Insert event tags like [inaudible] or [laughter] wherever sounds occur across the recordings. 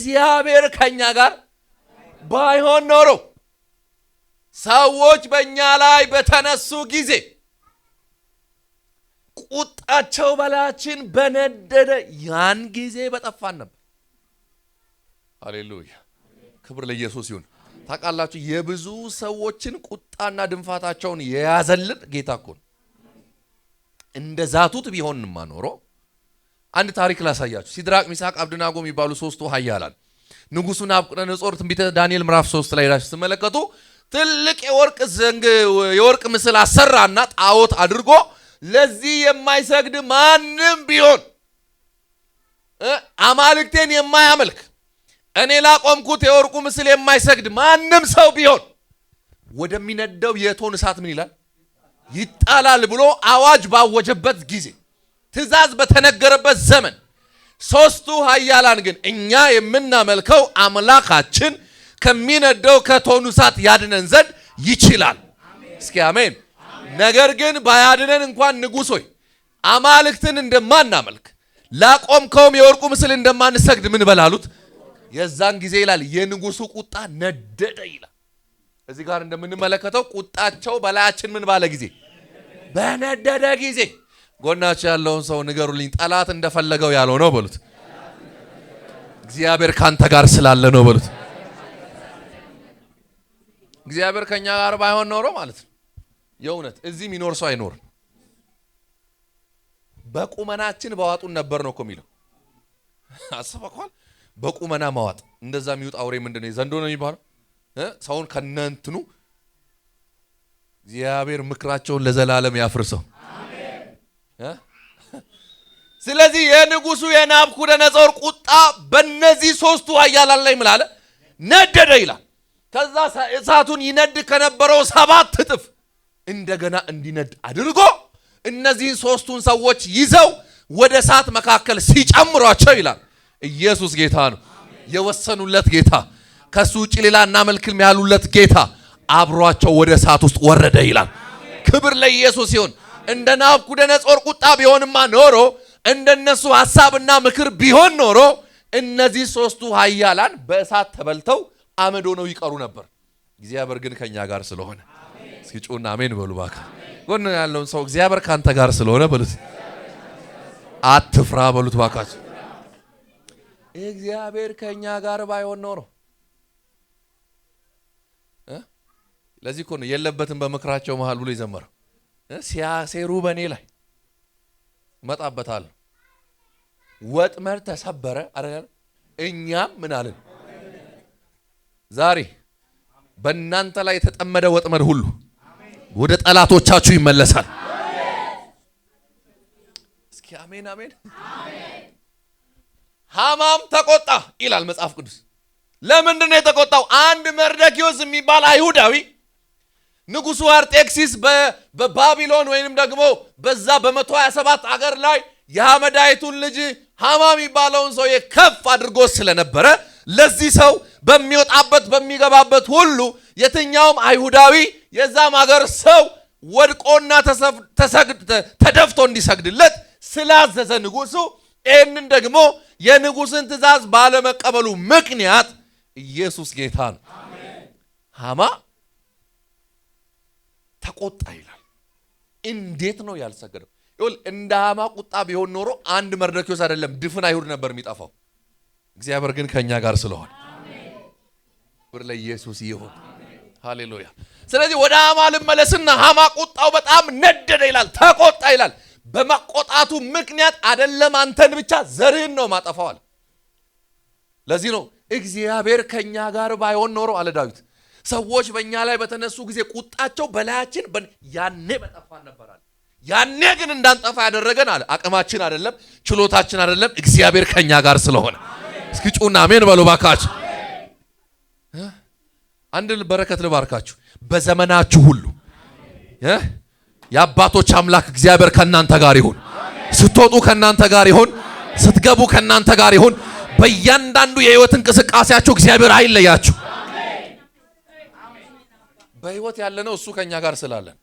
እግዚአብሔር ከእኛ ጋር ባይሆን ኖሮ ሰዎች በእኛ ላይ በተነሱ ጊዜ ቁጣቸው በላችን በነደደ ያን ጊዜ በጠፋን ነበር። አሌሉያ! ክብር ለኢየሱስ ይሁን። ታውቃላችሁ የብዙ ሰዎችን ቁጣና ድንፋታቸውን የያዘልን ጌታ እኮ ነው። እንደ ዛቱት ቢሆንማ ኖሮ አንድ ታሪክ ላሳያችሁ። ሲድራቅ ሚሳቅ አብድናጎ የሚባሉ ሶስቱ ኃያላን ንጉሱ ናቡከደነጾር ትንቢተ ዳንኤል ምዕራፍ ሶስት ላይ ራሱ ስትመለከቱ ትልቅ የወርቅ ዘንግ የወርቅ ምስል አሰራና ጣዖት አድርጎ ለዚህ የማይሰግድ ማንም ቢሆን አማልክቴን የማያመልክ እኔ ላቆምኩት የወርቁ ምስል የማይሰግድ ማንም ሰው ቢሆን ወደሚነደው የእቶን እሳት ምን ይላል ይጣላል ብሎ አዋጅ ባወጀበት ጊዜ ትእዛዝ በተነገረበት ዘመን ሦስቱ ኃያላን ግን እኛ የምናመልከው አምላካችን ከሚነደው ከቶኑ እሳት ያድነን ዘንድ ይችላል። እስኪ አሜን። ነገር ግን ባያድነን እንኳን ንጉሥ ሆይ አማልክትን እንደማናመልክ ላቆምከውም የወርቁ ምስል እንደማንሰግድ ምን በላሉት የዛን ጊዜ ይላል የንጉሱ ቁጣ ነደደ ይላል። እዚህ ጋር እንደምንመለከተው ቁጣቸው በላያችን ምን ባለ ጊዜ በነደደ ጊዜ ጎናቸው ያለውን ሰው ንገሩልኝ። ጠላት እንደፈለገው ያለው ነው በሉት። እግዚአብሔር ካንተ ጋር ስላለ ነው በሉት። እግዚአብሔር ከኛ ጋር ባይሆን ኖሮ ማለት ነው የእውነት እዚህ የሚኖር ሰው አይኖርም። በቁመናችን በዋጡን ነበር ነው እኮ የሚለው አስበኳል። በቁመና ማዋጥ እንደዛ የሚወጣ አውሬ ምንድን ነው? ዘንዶ ነው የሚባለው። ሰውን ከነንትኑ እግዚአብሔር ምክራቸውን ለዘላለም ያፍርሰው። ስለዚህ የንጉሱ የናቡከደነፆር ቁጣ በእነዚህ ሶስቱ ኃያላን ላይ ምን አለ? ነደደ ይላል። ከዛ እሳቱን ይነድ ከነበረው ሰባት እጥፍ እንደገና እንዲነድ አድርጎ እነዚህን ሶስቱን ሰዎች ይዘው ወደ እሳት መካከል ሲጨምሯቸው ይላል። ኢየሱስ ጌታ ነው። የወሰኑለት ጌታ፣ ከሱ ውጭ ሌላ እናመልክም ያሉለት ጌታ አብሯቸው ወደ እሳት ውስጥ ወረደ ይላል። ክብር ለኢየሱስ ይሁን። እንደ ናቡከደነጾር ቁጣ ቢሆንማ ኖሮ እንደነሱ ሐሳብና ምክር ቢሆን ኖሮ እነዚህ ሶስቱ ኃያላን በእሳት ተበልተው አመድ ሆነው ይቀሩ ነበር። እግዚአብሔር ግን ከኛ ጋር ስለሆነ እስኪ ጩና አሜን በሉ ባካ። ጎን ያለውን ሰው እግዚአብሔር ካንተ ጋር ስለሆነ በሉት፣ አትፍራ በሉት ባካቸው። እግዚአብሔር ከኛ ጋር ባይሆን ኖሮ ለዚህ እኮ ነው የለበትም በምክራቸው መሃል ብሎ የዘመረው ሲያሴሩ በእኔ ላይ እመጣበታለሁ። ወጥመድ ተሰበረ። አረጋል እኛም ምን ዛሬ በእናንተ ላይ የተጠመደ ወጥመድ ሁሉ ወደ ጠላቶቻችሁ ይመለሳል። እስኪ አሜን አሜን። ሐማም ተቆጣ ይላል መጽሐፍ ቅዱስ። ለምንድን ነው የተቆጣው? አንድ መርደኪዎስ የሚባል አይሁዳዊ ንጉሱ አርጤክሲስ በባቢሎን ወይንም ደግሞ በዛ በመቶ 127 አገር ላይ የሐመዳይቱን ልጅ ሐማ የሚባለውን ሰውዬ ከፍ አድርጎ ስለነበረ ለዚህ ሰው በሚወጣበት በሚገባበት ሁሉ የትኛውም አይሁዳዊ የዛም አገር ሰው ወድቆና ተደፍቶ እንዲሰግድለት ስላዘዘ ንጉሱ ይህንን ደግሞ የንጉስን ትእዛዝ ባለመቀበሉ ምክንያት ኢየሱስ ጌታ ነው ሐማ ተቆጣ ይላል። እንዴት ነው ያልሰገደው? ይሁል እንደ አማ ቁጣ ቢሆን ኖሮ አንድ መርዶክዮስ አይደለም ድፍን አይሁድ ነበር የሚጠፋው። እግዚአብሔር ግን ከእኛ ጋር ስለሆነ ክብር ለኢየሱስ ይሁን። ሃሌሉያ። ስለዚህ ወደ አማ ልመለስና አማ ቁጣው በጣም ነደደ ይላል፣ ተቆጣ ይላል። በመቆጣቱ ምክንያት አይደለም አንተን ብቻ ዘርህን ነው ማጠፋዋል። ለዚህ ነው እግዚአብሔር ከእኛ ጋር ባይሆን ኖሮ አለ ዳዊት ሰዎች በእኛ ላይ በተነሱ ጊዜ ቁጣቸው በላያችን ያኔ በጠፋን ነበራል። ያኔ ግን እንዳንጠፋ ያደረገን አለ አቅማችን አይደለም፣ ችሎታችን አይደለም፣ እግዚአብሔር ከኛ ጋር ስለሆነ። እስኪ ጩና አሜን በሉ ባካችሁ። አንድ በረከት ልባርካችሁ። በዘመናችሁ ሁሉ የአባቶች አምላክ እግዚአብሔር ከእናንተ ጋር ይሁን። ስትወጡ ከእናንተ ጋር ይሁን። ስትገቡ ከእናንተ ጋር ይሁን። በእያንዳንዱ የህይወት እንቅስቃሴያችሁ እግዚአብሔር አይለያችሁ። በህይወት ያለነው እሱ ከኛ ጋር ስላለን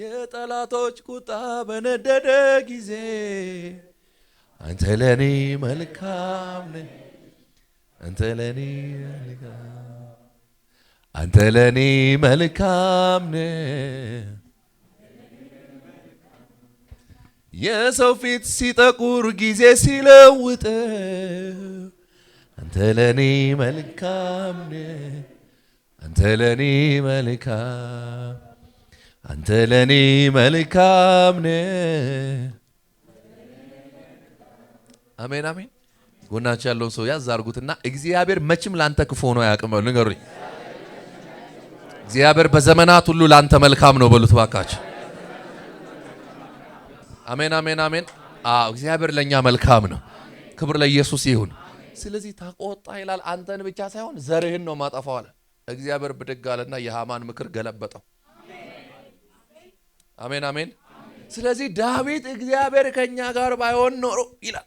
የጠላቶች ቁጣ በነደደ ጊዜ አንተ ለኔ መልካም ነህ፣ አንተ ለኔ መልካም አንተ ለኔ መልካም ነህ። የሰው ፊት ሲጠቁር ጊዜ ሲለውጥ አንተ ለኔ መልካም ነህ አንተ ለኔ መልካም አንተ ለኔ መልካም ነ አሜን አሜን። ጎናችሁ ያለውን ሰው ያዝ አድርጉትና እግዚአብሔር መቼም ላንተ ክፉ ሆኖ አያውቅም በሉ ንገሩኝ። እግዚአብሔር በዘመናት ሁሉ ላንተ መልካም ነው በሉት ባካችሁ። አሜን አሜን አሜን። እግዚአብሔር ለእኛ መልካም ነው። ክብር ለኢየሱስ ይሁን። ስለዚህ ተቆጣ ይላል። አንተን ብቻ ሳይሆን ዘርህን ነው ማጠፋዋል እግዚአብሔር ብድግ አለና የሃማን ምክር ገለበጠው። አሜን አሜን። ስለዚህ ዳዊት እግዚአብሔር ከእኛ ጋር ባይሆን ኖሮ ይላል።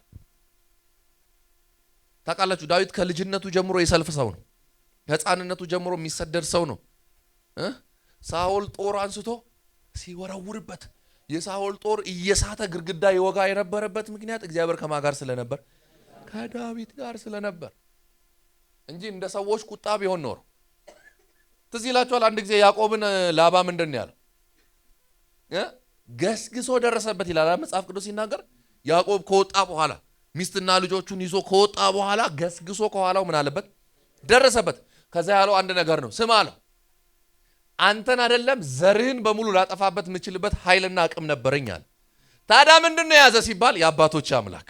ታውቃላችሁ፣ ዳዊት ከልጅነቱ ጀምሮ የሰልፍ ሰው ነው። ከህፃንነቱ ጀምሮ የሚሰደድ ሰው ነው። ሳኦል ጦር አንስቶ ሲወረውርበት የሳኦል ጦር እየሳተ ግድግዳ ይወጋ የነበረበት ምክንያት እግዚአብሔር ከማ ጋር ስለነበር ከዳዊት ጋር ስለነበር እንጂ እንደ ሰዎች ቁጣ ቢሆን ኖረው ትዝ ይላችኋል። አንድ ጊዜ ያዕቆብን ላባ ምንድን ነው ያለው? ገስግሶ ደረሰበት ይላል መጽሐፍ ቅዱስ ሲናገር። ያዕቆብ ከወጣ በኋላ ሚስትና ልጆቹን ይዞ ከወጣ በኋላ ገስግሶ ከኋላው ምን አለበት? ደረሰበት። ከዛ ያለው አንድ ነገር ነው። ስም አለው አንተን አይደለም ዘርህን በሙሉ ላጠፋበት የምችልበት ኃይልና አቅም ነበረኝ አለ። ታዲያ ምንድን ነው የያዘ ሲባል የአባቶች አምላክ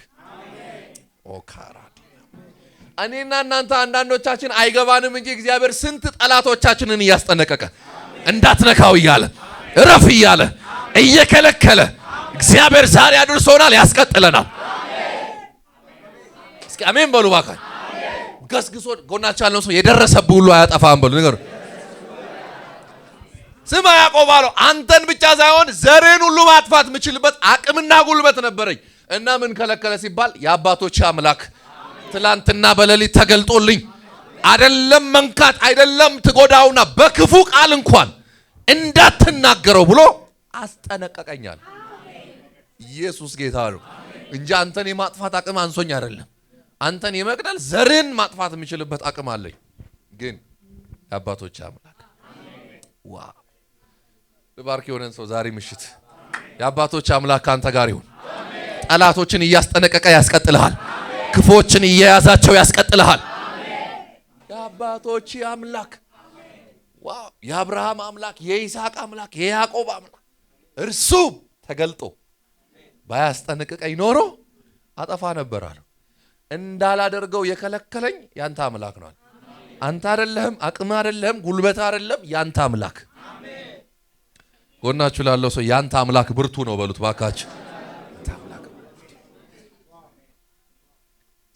ኦካራ እኔና እናንተ አንዳንዶቻችን አይገባንም እንጂ እግዚአብሔር ስንት ጠላቶቻችንን እያስጠነቀቀ እንዳትነካው እያለ እረፍ እያለ እየከለከለ እግዚአብሔር ዛሬ አድርሶናል፣ ያስቀጥለናል። እስኪ አሜን በሉ ባካል። ገስግሶ ጎናቸው ያለው ሰው የደረሰብህ ሁሉ አያጠፋህም በሉ ነገር ስማ ያዕቆብ አለው አንተን ብቻ ሳይሆን ዘሬን ሁሉ ማጥፋት የምችልበት አቅምና ጉልበት ነበረኝ እና ምን ከለከለ ሲባል የአባቶች አምላክ ትላንትና በሌሊት ተገልጦልኝ አይደለም መንካት አይደለም ትጎዳውና በክፉ ቃል እንኳን እንዳትናገረው ብሎ አስጠነቀቀኛል። ኢየሱስ ጌታ ነው እንጂ አንተን የማጥፋት አቅም አንሶኝ አይደለም። አንተን የመግደል ዘርን ማጥፋት የምችልበት አቅም አለኝ። ግን የአባቶች አምላክ ዋ ልባርክ የሆነን ሰው ዛሬ ምሽት የአባቶች አምላክ ከአንተ ጋር ይሁን። ጠላቶችን እያስጠነቀቀ ያስቀጥልሃል። ክፎችን እየያዛቸው ያስቀጥልሃል። የአባቶች አምላክ የአብርሃም አምላክ የይስሐቅ አምላክ የያዕቆብ አምላክ እርሱ ተገልጦ ባያስጠነቅቀኝ ኖሮ አጠፋ ነበር አለው። እንዳላደርገው የከለከለኝ ያንተ አምላክ ነው። አንተ አደለህም፣ አቅም አደለህም፣ ጉልበት አደለም፣ ያንተ አምላክ። ጎናችሁ ላለው ሰው ያንተ አምላክ ብርቱ ነው በሉት ባካችሁ።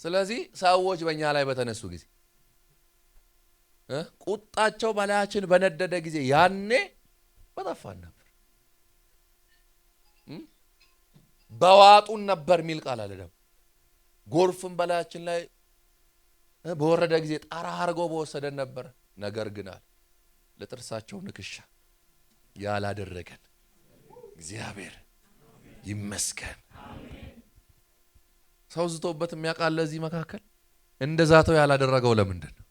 ስለዚህ ሰዎች በእኛ ላይ በተነሱ ጊዜ ቁጣቸው በላያችን በነደደ ጊዜ ያኔ በጠፋን ነበር፣ በዋጡን ነበር የሚል ቃል አለ። ደግሞ ጎርፍን በላያችን ላይ በወረደ ጊዜ ጣራ አርጎ በወሰደን ነበር። ነገር ግን አለ ለጥርሳቸው ንክሻ ያላደረገን እግዚአብሔር ይመስገን። ሰው ዝቶበት የሚያውቃለ እዚህ መካከል እንደ ዛተው ያላደረገው ለምንድን ነው?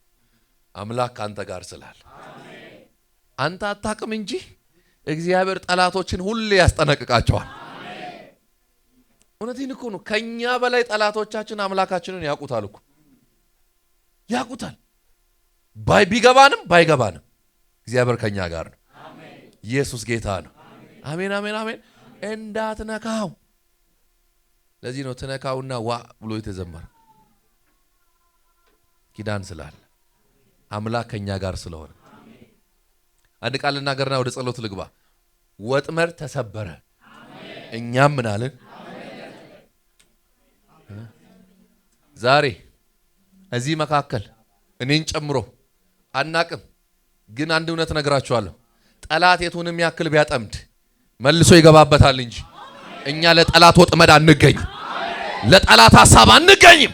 አምላክ ከአንተ ጋር ስላለ። አንተ አታቅም እንጂ እግዚአብሔር ጠላቶችን ሁሌ ያስጠነቅቃቸዋል። እውነት እኮ ነው። ከእኛ በላይ ጠላቶቻችን አምላካችንን ያውቁታል እኮ ያውቁታል። ቢገባንም ባይገባንም እግዚአብሔር ከእኛ ጋር ነው። ኢየሱስ ጌታ ነው። አሜን፣ አሜን፣ አሜን። እንዳትነካው ለዚህ ነው ትነካውና ዋ ብሎ የተዘመረ ኪዳን ስላለ አምላክ ከኛ ጋር ስለሆነ። አንድ ቃል ልናገርና ወደ ጸሎት ልግባ። ወጥመድ ተሰበረ፣ እኛም ምናልን ዛሬ እዚህ መካከል እኔን ጨምሮ አናቅም። ግን አንድ እውነት ነግራችኋለሁ፣ ጠላት የቱንም ያክል ቢያጠምድ መልሶ ይገባበታል እንጂ እኛ ለጠላት ወጥመድ አንገኝም። ለጠላት ሐሳብ አንገኝም።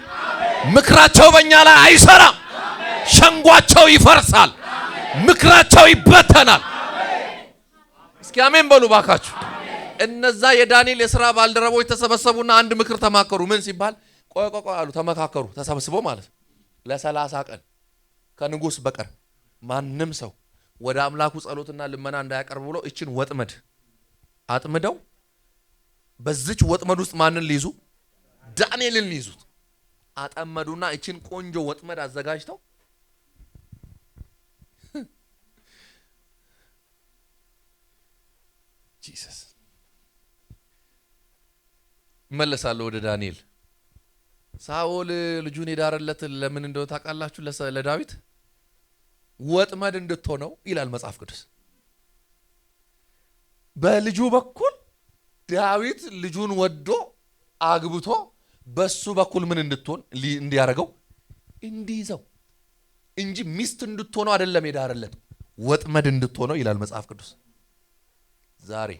ምክራቸው በእኛ ላይ አይሰራም። ሸንጓቸው ይፈርሳል። ምክራቸው ይበተናል። እስኪ አሜን በሉ ባካችሁ። እነዛ የዳንኤል የሥራ ባልደረቦች ተሰበሰቡና አንድ ምክር ተማከሩ። ምን ሲባል ቆይ ቆይ አሉ። ተመካከሩ ተሰብስቦ ማለት ነው። ለሰላሳ ቀን ከንጉስ በቀር ማንም ሰው ወደ አምላኩ ጸሎትና ልመና እንዳያቀርብ ብሎ እችን ወጥመድ አጥምደው በዚች ወጥመድ ውስጥ ማንን ሊይዙ? ዳንኤልን ሊይዙት አጠመዱና ይችን ቆንጆ ወጥመድ አዘጋጅተው ጂሰስ እመለሳለሁ ወደ ዳንኤል። ሳኦል ልጁን የዳረለት ለምን እንደሆነ ታውቃላችሁ? ለዳዊት ወጥመድ እንድትሆነው ይላል መጽሐፍ ቅዱስ። በልጁ በኩል ዳዊት ልጁን ወዶ አግብቶ በሱ በኩል ምን እንድትሆን እንዲያደርገው እንዲይዘው እንጂ ሚስት እንድትሆነው አይደለም የዳረለት ወጥመድ እንድትሆነው ይላል መጽሐፍ ቅዱስ። ዛሬ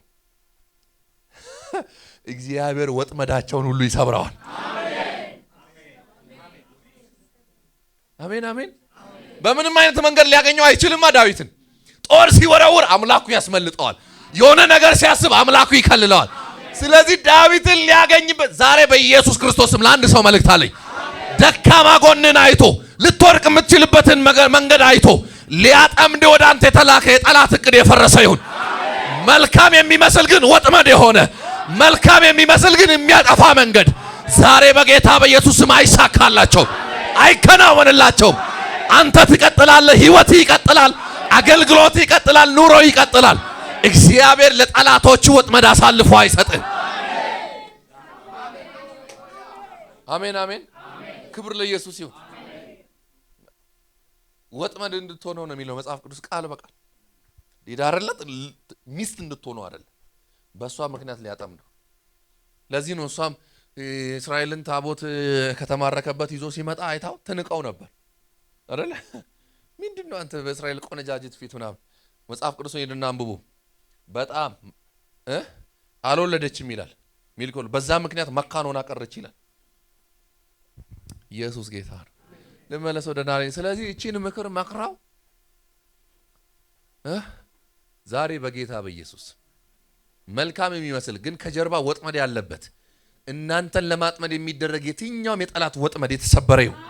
[laughs] እግዚአብሔር ወጥመዳቸውን ሁሉ ይሰብረዋል። አሜን አሜን። በምንም አይነት መንገድ ሊያገኘው አይችልማ። ዳዊትን ጦር ሲወረውር አምላኩ ያስመልጠዋል። የሆነ ነገር ሲያስብ አምላኩ ይከልለዋል። ስለዚህ ዳዊትን ሊያገኝበት ዛሬ በኢየሱስ ክርስቶስም ለአንድ ሰው መልእክት አለኝ። ደካማ ጎንን አይቶ ልትወድቅ የምትችልበትን መንገድ አይቶ ሊያጠምድ ወደ አንተ የተላከ የጠላት እቅድ የፈረሰ ይሁን። መልካም የሚመስል ግን ወጥመድ የሆነ መልካም የሚመስል ግን የሚያጠፋ መንገድ ዛሬ በጌታ በኢየሱስም አይሳካላቸውም፣ አይከናወንላቸውም። አንተ ትቀጥላለህ። ህይወት ይቀጥላል። አገልግሎት ይቀጥላል። ኑሮ ይቀጥላል። እግዚአብሔር ለጠላቶቹ ወጥመድ አሳልፎ አይሰጥም። አሜን አሜን። ክብር ለኢየሱስ ይሁን። ወጥመድ እንድትሆነ ነው የሚለው መጽሐፍ ቅዱስ ቃል በቃል ሊዳ አይደለም ሚስት እንድትሆነ አይደለም፣ በእሷ ምክንያት ነው። ለዚህ ነው እሷም እስራኤልን ታቦት ከተማረከበት ይዞ ሲመጣ አይታው ትንቀው ነበር አይደለ? ምንድን ነው አንተ በእስራኤል ቆነጃጅት ፊት ምናምን መጽሐፍ ቅዱስ ሄድና አንብቡ። በጣም አልወለደችም ይላል ሚልኮል። በዛ ምክንያት መካን ሆና ቀረች ይላል። ኢየሱስ ጌታ ነው። ልመለስ ወደ ናሬ። ስለዚህ እቺን ምክር መክራው ዛሬ በጌታ በኢየሱስ መልካም የሚመስል ግን ከጀርባ ወጥመድ ያለበት እናንተን ለማጥመድ የሚደረግ የትኛውም የጠላት ወጥመድ የተሰበረ ይሁን።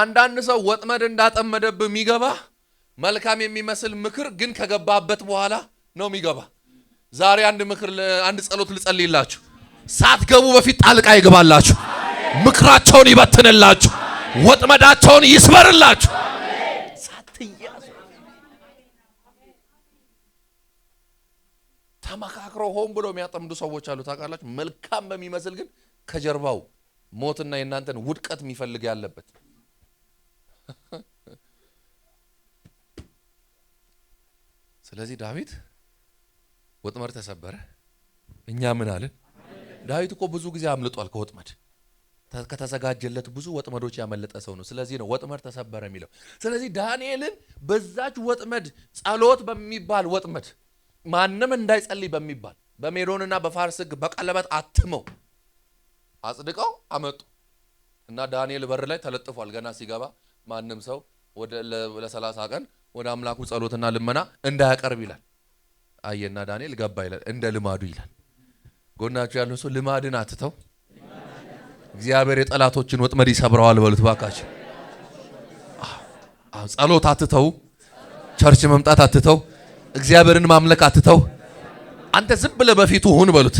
አንዳንድ ሰው ወጥመድ እንዳጠመደብህ የሚገባ መልካም የሚመስል ምክር ግን ከገባበት በኋላ ነው የሚገባ። ዛሬ አንድ ምክር አንድ ጸሎት ልጸልይላችሁ። ሳትገቡ በፊት ጣልቃ ይግባላችሁ፣ ምክራቸውን ይበትንላችሁ፣ ወጥመዳቸውን ይስበርላችሁ። ሳትያዙ ተመካክሮ ሆን ብሎ የሚያጠምዱ ሰዎች አሉ ታውቃላችሁ። መልካም በሚመስል ግን ከጀርባው ሞትና የእናንተን ውድቀት የሚፈልግ ያለበት ስለዚህ ዳዊት ወጥመድ ተሰበረ። እኛ ምን አለን? ዳዊት እኮ ብዙ ጊዜ አምልጧል ከወጥመድ ከተዘጋጀለት ብዙ ወጥመዶች ያመለጠ ሰው ነው። ስለዚህ ነው ወጥመድ ተሰበረ የሚለው። ስለዚህ ዳንኤልን በዛች ወጥመድ ጸሎት በሚባል ወጥመድ ማንም እንዳይጸልይ በሚባል በሜዶንና በፋርስ ሕግ በቀለበት አትመው አጽድቀው አመጡ እና ዳንኤል በር ላይ ተለጥፏል። ገና ሲገባ ማንም ሰው ለሰላሳ ቀን ወደ አምላኩ ጸሎትና ልመና እንዳያቀርብ ይላል። አየና ዳንኤል ገባ ይላል። እንደ ልማዱ ይላል። ጎናችሁ ያለው ሰው ልማድን አትተው፣ እግዚአብሔር የጠላቶችን ወጥመድ ይሰብረዋል በሉት ባካችሁ። ጸሎት አትተው፣ ቸርች መምጣት አትተው፣ እግዚአብሔርን ማምለክ አትተው። አንተ ዝም ብለህ በፊቱ ሁን በሉት።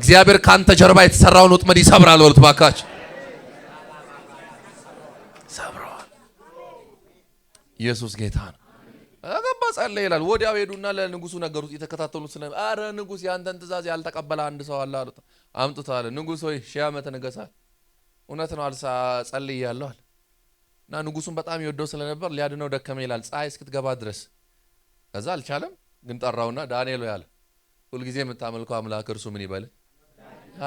እግዚአብሔር ከአንተ ጀርባ የተሰራውን ወጥመድ ይሰብራል በሉት ባካችሁ። ኢየሱስ ጌታ ነው። አገባ ጸለይ ይላል። ወዲያው ሄዱና ለንጉሱ ነገሩት። የተከታተሉት ስለ አረ ንጉስ ያንተን ትእዛዝ ያልተቀበለ አንድ ሰው አለ አሉት። አምጡት አለ። ንጉስ ሆይ ሺህ ዓመት ንገሳል። እውነት ነው አልሳ ጸልይ ያለው አለ እና ንጉሱን በጣም ይወደው ስለነበር ሊያድነው ደከመ ይላል። ፀሐይ እስክትገባ ድረስ ከዛ አልቻለም። ግን ጠራውና ዳንኤል ያለ ሁልጊዜ የምታመልከው አምላክ እርሱ ምን ይበል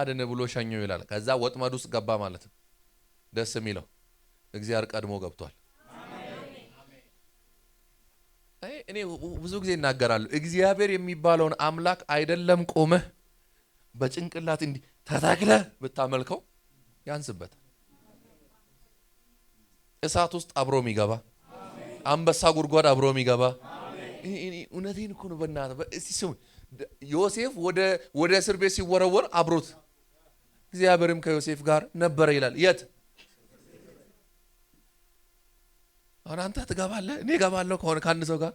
አድን ብሎ ሸኘው ይላል። ከዛ ወጥመድ ውስጥ ገባ ማለት ነው። ደስ የሚለው እግዚአብሔር ቀድሞ ገብቷል። እኔ ብዙ ጊዜ እናገራለሁ። እግዚአብሔር የሚባለውን አምላክ አይደለም ቆመህ በጭንቅላት እንዲህ ተተክለህ ብታመልከው ያንስበታል። እሳት ውስጥ አብሮ የሚገባ አንበሳ ጉድጓድ አብሮ የሚገባ እውነቴን እኮ ነው። በእናትህ እስቲ ስሙ። ዮሴፍ ወደ እስር ቤት ሲወረወር አብሮት እግዚአብሔርም ከዮሴፍ ጋር ነበረ ይላል። የት አሁን አንተ ትገባለህ? እኔ እገባለሁ ከሆነ ከአንድ ሰው ጋር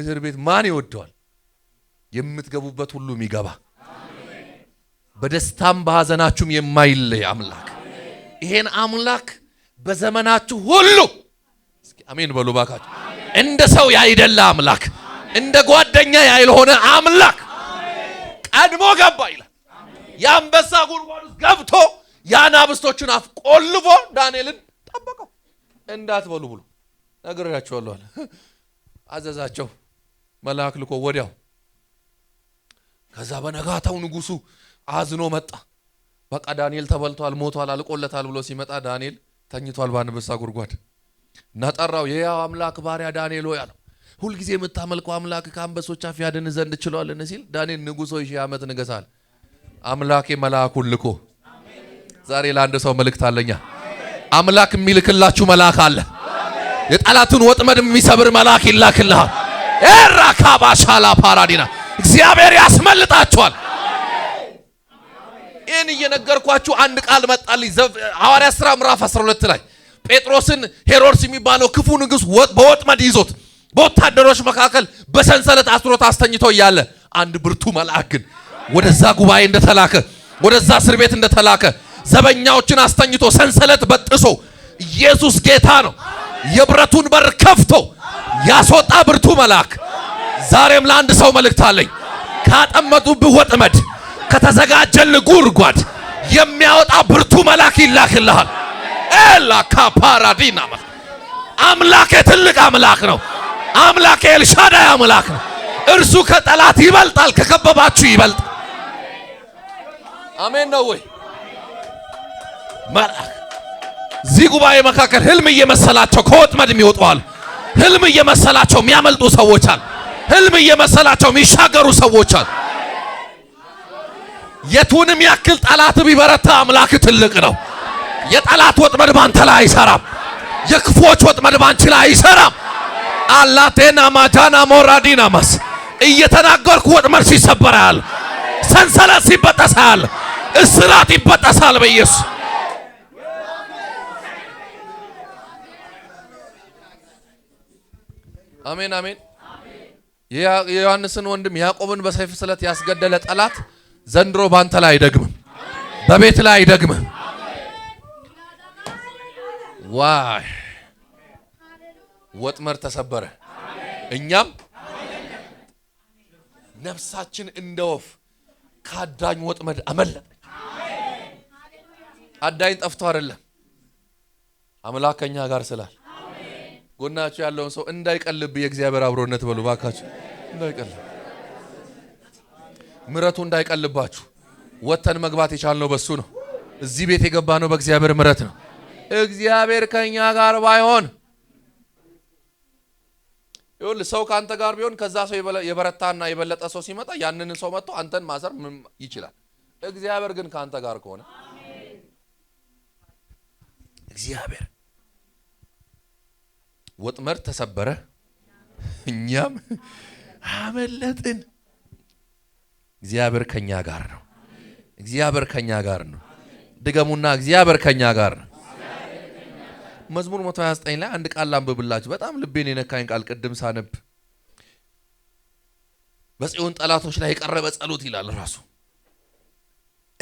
እስር ቤት ማን ይወደዋል? የምትገቡበት ሁሉ የሚገባ በደስታም በሐዘናችሁም የማይለይ አምላክ ይሄን አምላክ በዘመናችሁ ሁሉ አሜን በሉ ባካችሁ። እንደ ሰው ያይደለ አምላክ እንደ ጓደኛ ያልሆነ አምላክ ቀድሞ ገባ ይላል። የአንበሳ ጉድጓድ ውስጥ ገብቶ የአናብስቶቹን አፍ ቆልፎ ዳንኤልን ጠበቀው። እንዳትበሉ ብሎ ነግሬያችኋለሁ አለ አዘዛቸው። መልአክ ልኮ ወዲያው። ከዛ በነጋታው ንጉሱ አዝኖ መጣ። በቃ ዳንኤል ተበልቷል፣ ሞቷል፣ አልቆለታል ብሎ ሲመጣ ዳንኤል ተኝቷል በአንበሳ ጉድጓድ እና የያው አምላክ ባሪያ ዳንኤል ሆይ አለው። ሁልጊዜ የምታመልከው አምላክ ከአንበሶች አፍ ያድን ዘንድ ችሏልን ሲል ዳንኤል ንጉሥ ሆይ ሺህ ዓመት ንገሳል። አምላኬ መልአኩን ልኮ ዛሬ ለአንድ ሰው መልእክት አለኛ። አምላክ የሚልክላችሁ መልአክ አለ። የጠላቱን ወጥመድ የሚሰብር መልአክ ይላክልሃል። ኤራካባሻላ ፓራዲና እግዚአብሔር ያስመልጣቸዋል። ይህን እየነገርኳችሁ አንድ ቃል መጣልኝ። ሐዋርያት ሥራ ምዕራፍ 12 ላይ ጴጥሮስን ሄሮድስ የሚባለው ክፉ ንጉሥ በወጥመድ ይዞት በወታደሮች መካከል በሰንሰለት አስሮት አስተኝቶ እያለ አንድ ብርቱ መልአክ ግን ወደዛ ጉባኤ እንደተላከ ወደዛ እስር ቤት እንደተላከ ዘበኛዎችን አስተኝቶ ሰንሰለት በጥሶ ኢየሱስ ጌታ ነው። የብረቱን በር ከፍቶ ያስወጣ ብርቱ መልአክ ዛሬም ለአንድ ሰው መልእክት አለኝ። ካጠመጡብህ ወጥመድ፣ ከተዘጋጀልህ ጉድጓድ የሚያወጣ ብርቱ መልአክ ይላክልሃል። ኤላ ካፓራዲና አምላኬ ትልቅ አምላክ ነው። አምላኬ ኤልሻዳይ አምላክ ነው። እርሱ ከጠላት ይበልጣል፣ ከከበባችሁ ይበልጣል። አሜን ነው ወይ መልአክ እዚህ ጉባኤ መካከል ህልም እየመሰላቸው ከወጥመድ የሚወጡዋል። ህልም እየመሰላቸው የሚያመልጡ ሰዎች አሉ። ህልም እየመሰላቸው የሚሻገሩ ሰዎች አሉ። የቱንም ያክል ጠላት ቢበረታ አምላክ ትልቅ ነው። የጠላት ወጥመድ ባንተ ላይ አይሰራም። የክፎች ወጥመድ ባንቺ ላይ አይሰራም። አላቴና ማጃና ሞራዲና ማስ እየተናገርኩ ወጥመድ ሲሰበራል፣ ሰንሰለት ሲበጠሳል፣ እስራት ይበጠሳል በኢየሱስ አሜን አሜን። የዮሐንስን ወንድም ያዕቆብን በሰይፍ ስለት ያስገደለ ጠላት ዘንድሮ ባንተ ላይ አይደግምም፣ በቤት ላይ አይደግምም። ዋይ ወጥመር ተሰበረ። እኛም ነፍሳችን እንደ ወፍ ከአዳኝ ወጥመድ አመለጠ። አዳኝ ጠፍቶ አይደለም አምላከኛ ጋር ስላል ጎናችሁ ያለውን ሰው እንዳይቀልብ የእግዚአብሔር አብሮነት በሉ ባካችሁ። እንዳይቀልብ ምረቱ እንዳይቀልባችሁ። ወጥተን መግባት የቻልነው በሱ ነው። እዚህ ቤት የገባ ነው በእግዚአብሔር ምረት ነው። እግዚአብሔር ከእኛ ጋር ባይሆን ይሁን ሰው ከአንተ ጋር ቢሆን ከዛ ሰው የበረታና የበለጠ ሰው ሲመጣ ያንን ሰው መጥቶ አንተን ማሰር ይችላል። እግዚአብሔር ግን ከአንተ ጋር ከሆነ እግዚአብሔር ወጥመድ ተሰበረ፣ እኛም አመለጥን። እግዚአብሔር ከኛ ጋር ነው። እግዚአብሔር ከኛ ጋር ነው። ድገሙና እግዚአብሔር ከኛ ጋር ነው። መዝሙር 129 ላይ አንድ ቃል አንብብላችሁ በጣም ልቤን የነካኝ ቃል ቅድም ሳነብ በጽዮን ጠላቶች ላይ የቀረበ ጸሎት ይላል ራሱ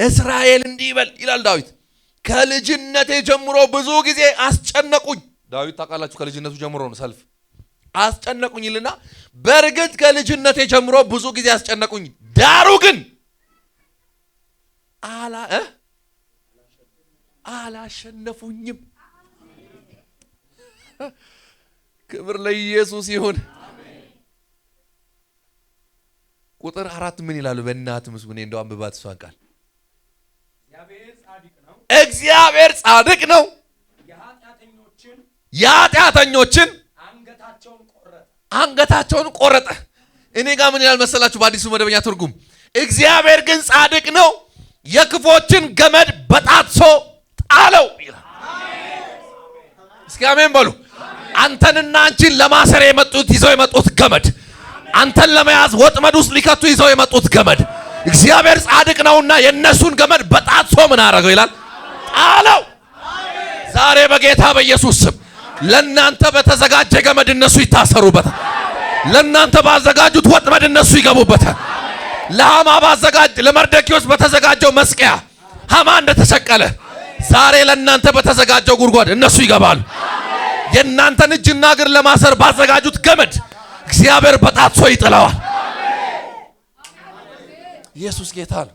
እስራኤል እንዲህ ይበል ይላል ዳዊት ከልጅነቴ ጀምሮ ብዙ ጊዜ አስጨነቁኝ ዳዊት ታውቃላችሁ ከልጅነቱ ጀምሮ ነው ሰልፍ አስጨነቁኝ ይልና በእርግጥ ከልጅነቴ ጀምሮ ብዙ ጊዜ አስጨነቁኝ፣ ዳሩ ግን አላሸነፉኝም። ክብር ለኢየሱስ ይሁን። ቁጥር አራት ምን ይላሉ? በእናት ምስጉን እንደው አንብባት እሷን ቃል እግዚአብሔር ጻድቅ ነው የኃጢአተኞችን አንገታቸውን ቆረጠ። እኔ ጋር ምን ይላል መሰላችሁ? በአዲሱ መደበኛ ትርጉም እግዚአብሔር ግን ጻድቅ ነው፣ የክፎችን ገመድ በጣጥሶ ጣለው ይላል። እስኪ አሜን በሉ። አንተንና አንቺን ለማሰር የመጡት ይዘው የመጡት ገመድ፣ አንተን ለመያዝ ወጥመድ ውስጥ ሊከቱ ይዘው የመጡት ገመድ እግዚአብሔር ጻድቅ ነውና የእነሱን ገመድ በጣጥሶ ምን አደረገው ይላል ጣለው። ዛሬ በጌታ በኢየሱስ ስም ለናንተ በተዘጋጀ ገመድ እነሱ ይታሰሩበታል። ለናንተ ባዘጋጁት ወጥመድ እነሱ ይገቡበታል። ለሃማ ባዘጋጅ ለመርደኪዎስ በተዘጋጀው መስቀያ ሃማ እንደተሰቀለ ዛሬ ለናንተ በተዘጋጀው ጉድጓድ እነሱ ይገባሉ። የእናንተን እጅና እግር ለማሰር ባዘጋጁት ገመድ እግዚአብሔር በጣትሶ ይጥለዋል። ኢየሱስ ጌታ ነው።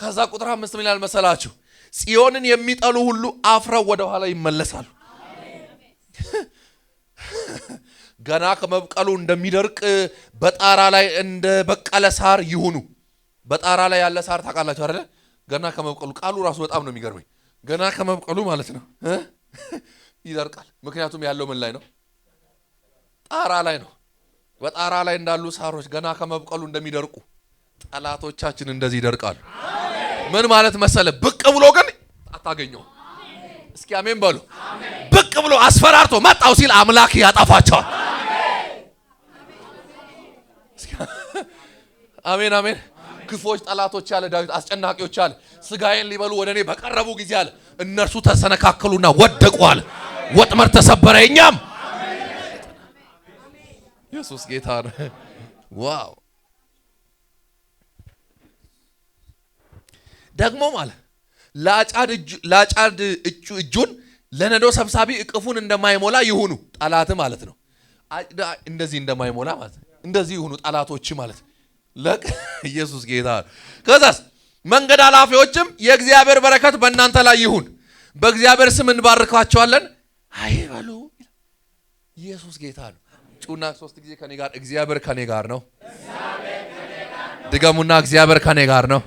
ከዛ ቁጥር አምስት ምን ይላል መሰላችሁ? ጽዮንን የሚጠሉ ሁሉ አፍረው ወደ ኋላ ይመለሳሉ። ገና ከመብቀሉ እንደሚደርቅ በጣራ ላይ እንደ በቀለ ሳር ይሁኑ። በጣራ ላይ ያለ ሳር ታውቃላችሁ አይደለ? ገና ከመብቀሉ ቃሉ ራሱ በጣም ነው የሚገርመኝ። ገና ከመብቀሉ ማለት ነው ይደርቃል። ምክንያቱም ያለው ምን ላይ ነው? ጣራ ላይ ነው። በጣራ ላይ እንዳሉ ሳሮች ገና ከመብቀሉ እንደሚደርቁ ጠላቶቻችን እንደዚህ ይደርቃሉ። ምን ማለት መሰለ? ብቅ ብሎ ግን አታገኘው። እስኪ አሜን በሉ። ብሎ አስፈራርቶ መጣው ሲል አምላክ ያጠፋቸዋል። አሜን አሜን። ክፎች ጠላቶች አለ ዳዊት፣ አስጨናቂዎች አለ ስጋዬን ሊበሉ ወደ እኔ በቀረቡ ጊዜ አለ እነርሱ ተሰነካከሉና ወደቁ አለ። ወጥመር ተሰበረ። እኛም ኢየሱስ ጌታ ነው። ዋው ደግሞ ማለት ላጫድ እጁን ለነዶ ሰብሳቢ እቅፉን እንደማይሞላ ይሁኑ ጠላት ማለት ነው። እንደዚህ እንደማይሞላ ማለት ነው። እንደዚህ ይሁኑ ጠላቶች ማለት ለቅ [laughs] ኢየሱስ ጌታ። ከዛስ መንገድ አላፊዎችም የእግዚአብሔር በረከት በእናንተ ላይ ይሁን፣ በእግዚአብሔር ስም እንባርካቸዋለን አይበሉ። ኢየሱስ ጌታ ነው። ጩና ሶስት ጊዜ ከኔ ጋር እግዚአብሔር ከኔ ጋር ነው። ድገሙና እግዚአብሔር ከኔ ጋር ነው።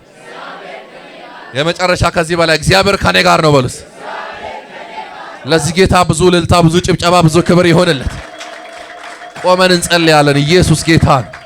የመጨረሻ ከዚህ በላይ እግዚአብሔር ከኔ ጋር ነው በሉስ ለዚህ ጌታ ብዙ ልልታ ብዙ ጭብጨባ፣ ብዙ ክብር ይሆንለት። ቆመን እንጸልያለን። ኢየሱስ ጌታ ነው።